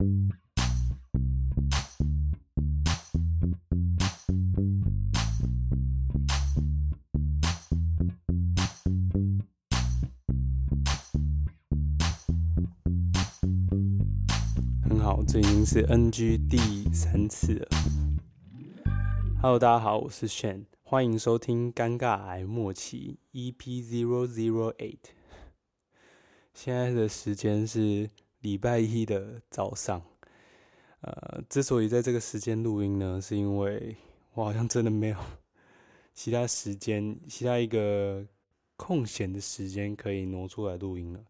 很好，這已經是 NG 第三次了。Hello，大家好，我是 s h a n 歡迎收聽《尷尬癌末期》EP zero zero eight。現在的時間是。禮拜一的早上，呃，之所以在這個時間錄音呢，是因為我好像真的沒有其他時間、其他一個空閒的時間可以挪出來錄音了，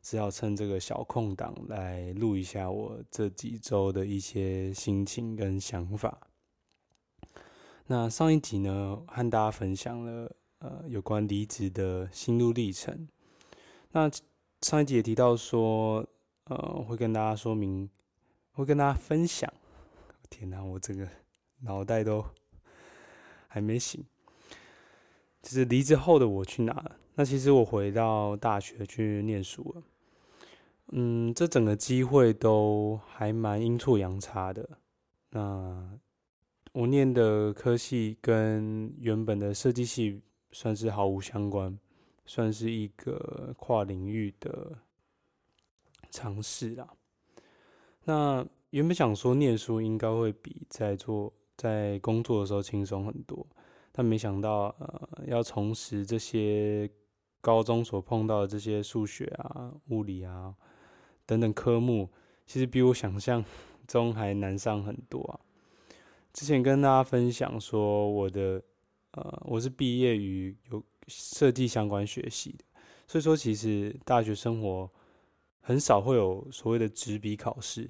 只好趁這個小空檔來錄一下我這幾周的一些心情跟想法。那上一集呢，和大家分享了呃有關離職的心路歷程。那上一集也提到說。呃，會跟大家說明，會跟大家分享。天哪、啊，我這個腦袋都還沒醒。其實離職後的我去哪了？那其實我回到大學去念書了。嗯，這整個機會都還蠻陰錯陽差的。那我念的科系跟原本的設計系算是毫無相關，算是一個跨領域的。嘗試啦。那原本想說唸書應該會比在做在工作的時候輕鬆很多，但沒想到呃，要重拾這些高中所碰到的這些數學啊、物理啊等等科目，其實比我想象中還難上很多啊。之前跟大家分享說我的呃，我是畢業於有設計相關學習的，所以說其實大學生活很少會有所謂的紙筆考試，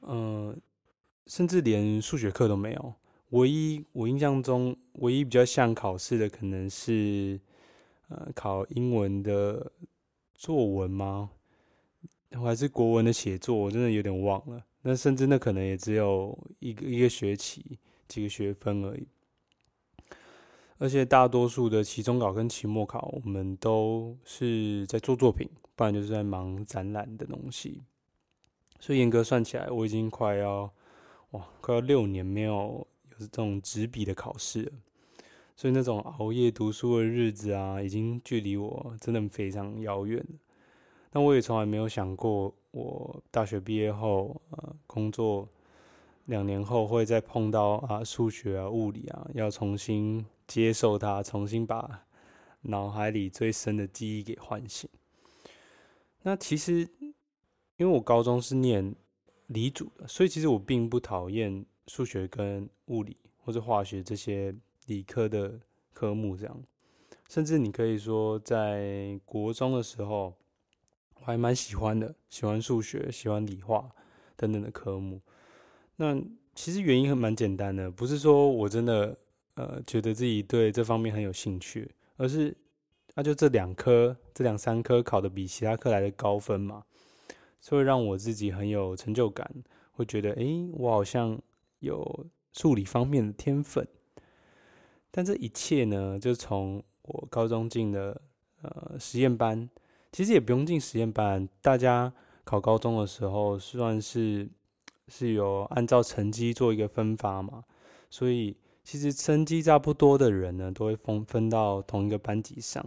呃，甚至連數學課都沒有。唯一我印象中，唯一比較像考試的，可能是呃考英文的作文嗎？還是國文的寫作？我真的有點忘了。那甚至那可能也只有一個一個學期幾個學分而已。而且大多數的期中考跟期末考，我們都是在做作品。不然就是在忙展覽的東西，所以嚴格算起來，我已經快要哇，快要六年沒有有這種紙筆的考試了。所以那種熬夜讀書的日子啊，已經距離我真的非常遙遠了。但我也從來沒有想過，我大學畢業後呃工作兩年後會再碰到啊數學啊物理啊，要重新接受它，重新把腦海裡最深的記憶給喚醒。那其實，因為我高中是念理組的，所以其實我並不討厭數學跟物理或者化學這些理科的科目，這樣。甚至你可以說，在國中的時候，我還蠻喜歡的，喜歡數學、喜歡理化等等的科目。那其實原因還蠻簡單的，不是說我真的呃覺得自己對這方面很有興趣，而是。那、啊、就這兩科、這兩三科考得比其他科來的高分嘛，所以讓我自己很有成就感，會覺得，誒、欸，我好像有數理方面的天分。但這一切呢，就從我高中進了呃實驗班，其實也不用進實驗班，大家考高中的時候算是是有按照成績做一個分發嘛，所以其實成績差不多的人呢，都會分分到同一個班級上。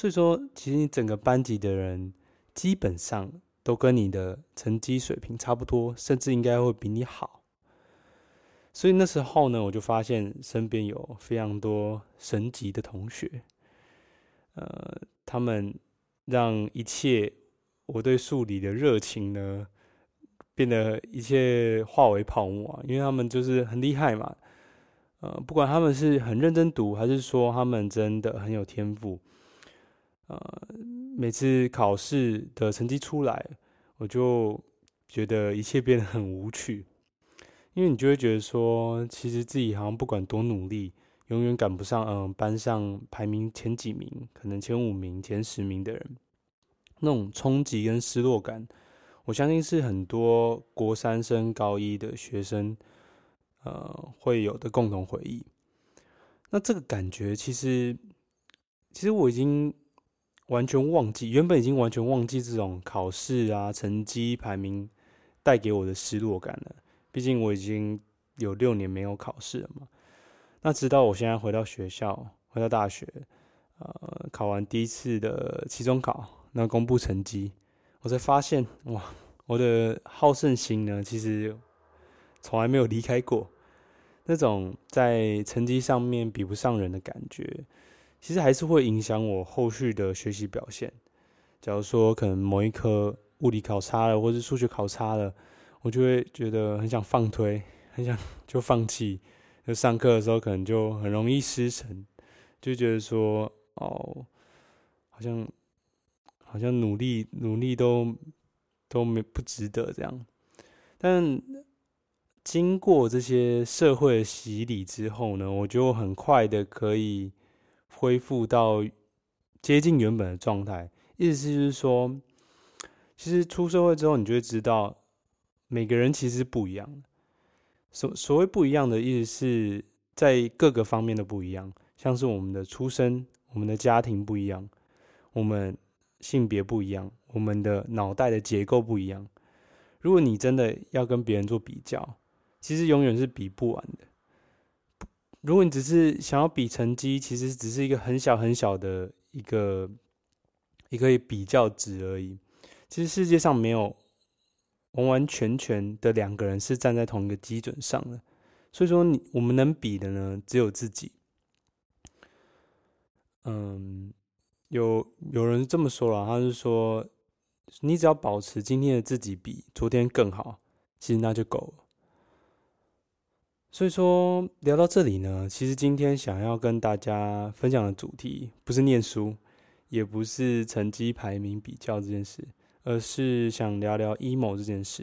所以說，其實你整個班級的人基本上都跟你的成績水平差不多，甚至應該會比你好。所以那時候呢，我就發現身邊有非常多神級的同學，呃，他們讓一切我對數理的熱情呢，變得一切化為泡沫啊，因為他們就是很厲害嘛，呃，不管他們是很認真讀，還是說他們真的很有天賦。呃，每次考試的成績出來，我就覺得一切變得很無趣，因為你就會覺得說，其實自己好像不管多努力，永遠趕不上嗯、呃、班上排名前幾名，可能前五名、前十名的人，那種衝擊跟失落感，我相信是很多國三升高一的學生呃會有的共同回憶。那這個感覺，其實其實我已經。完全忘記，原本已經完全忘記這種考試啊、成績排名帶給我的失落感了。畢竟我已經有六年沒有考試了嘛。那直到我現在回到學校，回到大學，呃，考完第一次的期中考，那公布成績，我才發現，哇，我的好勝心呢，其實從來沒有離開過。那種在成績上面比不上人的感覺。其實還是會影響我後續的學習表現。假如說可能某一科物理考差了，或是數學考差了，我就會覺得很想放推，很想就放棄。就上課的時候可能就很容易失神，就覺得說哦，好像好像努力努力都都沒不值得這樣。但經過這些社會的洗禮之後呢，我就很快的可以。恢復到接近原本的狀態，意思是說，其實出社會之後，你就會知道，每個人其實不一樣。所所謂不一樣的意思，是在各個方面的不一樣，像是我們的出生，我們的家庭不一樣，我們性別不一樣，我們的腦袋的結構不一樣。如果你真的要跟別人做比較，其實永遠是比不完的。如果你只是想要比成績，其實只是一個很小很小的一個一個比較值而已。其實世界上沒有完完全全的兩個人是站在同一個基準上的，所以說你我們能比的呢，只有自己。嗯，有有人這麼說啦，他就說，你只要保持今天的自己比昨天更好，其實那就夠了。所以說聊到這裡呢，其實今天想要跟大家分享的主題，不是念書，也不是成績排名比較這件事，而是想聊聊 emo 這件事。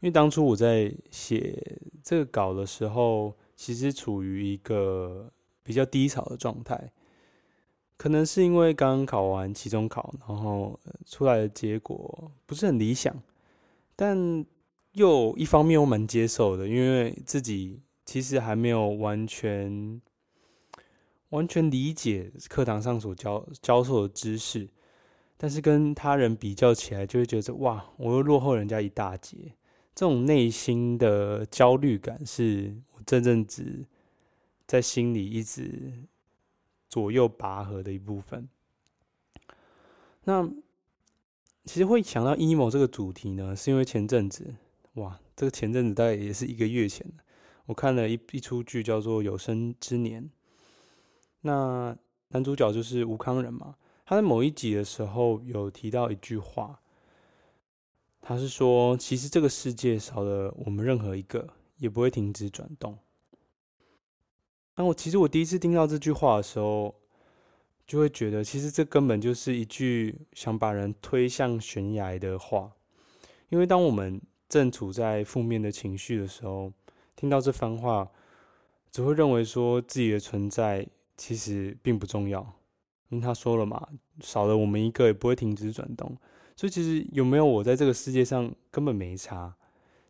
因為當初我在寫這個稿的時候，其實處於一個比較低潮的狀態，可能是因為剛考完期中考，然後出來的結果不是很理想，但就一方面，我蠻接受的，因為自己其實還沒有完全完全理解課堂上所教教授的知識，但是跟他人比較起來，就會覺得哇，我又落後人家一大截。這種內心的焦慮感，是我這陣子在心裡一直左右拔河的一部分。那其實會想到 emo 這個主題呢，是因為前陣子。哇，這個前陣子大概也是一個月前，我看了一一出劇叫做《有生之年》，那男主角就是吳慷仁嘛。他在某一集的時候有提到一句話，他是說：“其實這個世界少了我們任何一個，也不會停止轉動。”那我其實我第一次聽到這句話的時候，就會覺得其實這根本就是一句想把人推向懸崖的話，因為當我們正處在負面的情緒的時候，聽到這番話，只會認為說自己的存在其實並不重要，因為他說了嘛，少了我們一個也不會停止轉動，所以其實有沒有我在這個世界上根本沒差，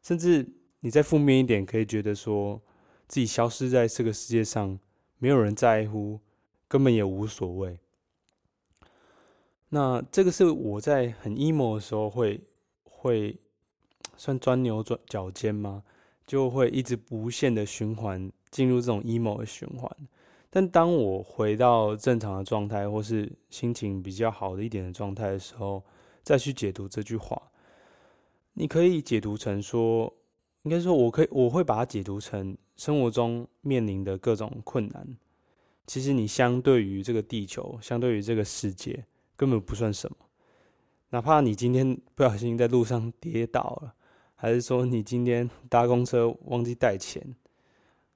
甚至你再負面一點，可以覺得說自己消失在這個世界上，沒有人在乎，根本也無所謂。那這個是我在很 emo 的時候會會。算鑽牛轉角尖嗎？就會一直無限的循環，進入這種 emo 的循環。但當我回到正常的狀態，或是心情比較好的一點的狀態的時候，再去解讀這句話，你可以解讀成說，應該說我可以，我會把它解讀成生活中面臨的各種困難。其實你相對於這個地球，相對於這個世界，根本不算什麼。哪怕你今天不小心在路上跌倒了。還是說你今天搭公車忘記帶錢，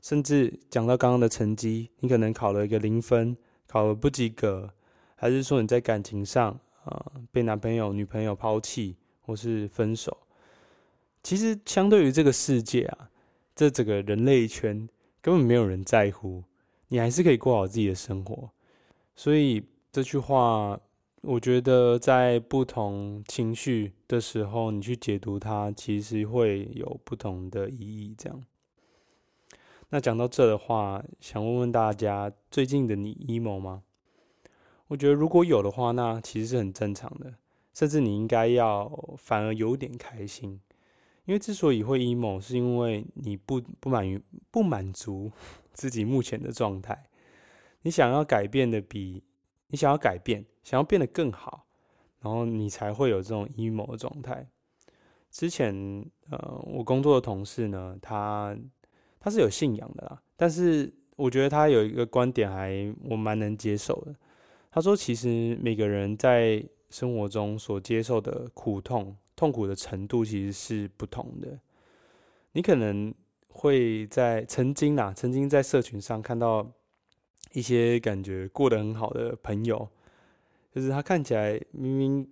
甚至講到剛剛的成績，你可能考了一個零分，考了不及格，還是說你在感情上啊、呃、被男朋友、女朋友拋棄或是分手？其實相對於這個世界啊，這整個人類圈根本沒有人在乎，你還是可以過好自己的生活。所以這句話。我覺得在不同情緒的時候，你去解讀它，其實會有不同的意義。這樣，那講到這的話，想問問大家，最近的你 emo 嗎？我覺得如果有的話，那其實是很正常的，甚至你應該要反而有點開心，因為之所以會 emo，是因為你不，不滿於，不滿足自己目前的狀態，你想要改變得比。你想要改變，想要變得更好，然後你才會有這種 emo 的狀態。之前，呃，我工作的同事呢，他他是有信仰的啦，但是我覺得他有一個觀點還我蠻能接受的。他說，其實每個人在生活中所接受的苦痛、痛苦的程度其實是不同的。你可能會在曾經啦，曾經在社群上看到。一些感覺過得很好的朋友，就是他看起來明明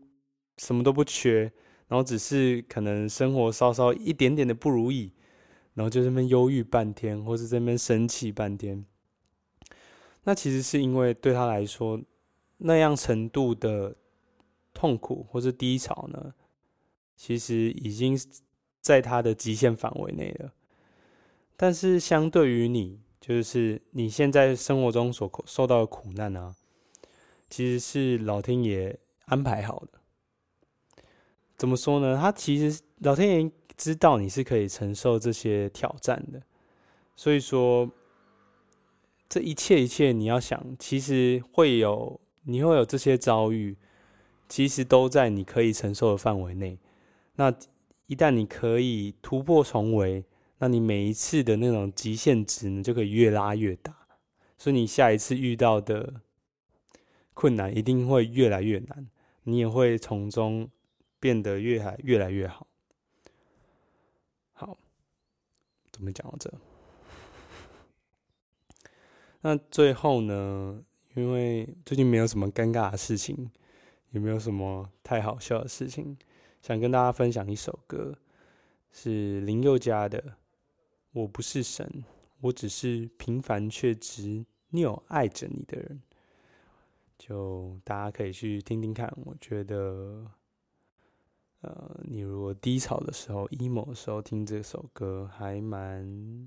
什麼都不缺，然後只是可能生活稍稍一點點的不如意，然後就這麼憂鬱半天，或是這邊生氣半天。那其實是因為對他來說，那樣程度的痛苦或是低潮呢，其實已經在他的極限範圍內了。但是相對於你，就是你現在生活中所受到的苦難啊，其實是老天爺安排好的。怎麼說呢？他其實老天爺知道你是可以承受這些挑戰的，所以說，這一切一切你要想，其實會有，你會有這些遭遇，其實都在你可以承受的範圍內。那一旦你可以突破重圍。那你每一次的那種極限值呢，就可以越拉越大，所以你下一次遇到的困難一定會越來越難，你也會從中變得越來越來越好。好，怎麼講到這？那最後呢，因為最近沒有什麼尷尬的事情，也沒有什麼太好笑的事情，想跟大家分享一首歌，是林宥嘉的。我不是神，我只是平凡卻執拗愛着你的人。就大家可以去聽聽看，我覺得，呃，你如果低潮的時候、emo 的時候聽這首歌，還蠻，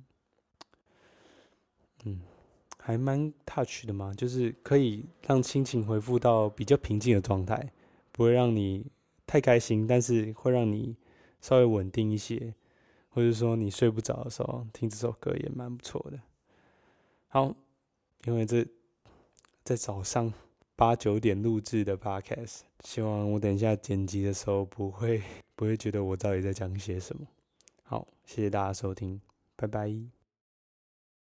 嗯，還蠻 touch 的嘛，就是可以讓心情恢復到比較平靜的狀態，不會讓你太開心，但是會讓你稍微穩定一些。或者說你睡不着的時候聽這首歌也蠻不錯的。好，因為這在早上八九點錄制的 Podcast，希望我等一下剪輯的時候不會不會覺得我到底在講些什麼。好，謝謝大家收聽，拜拜。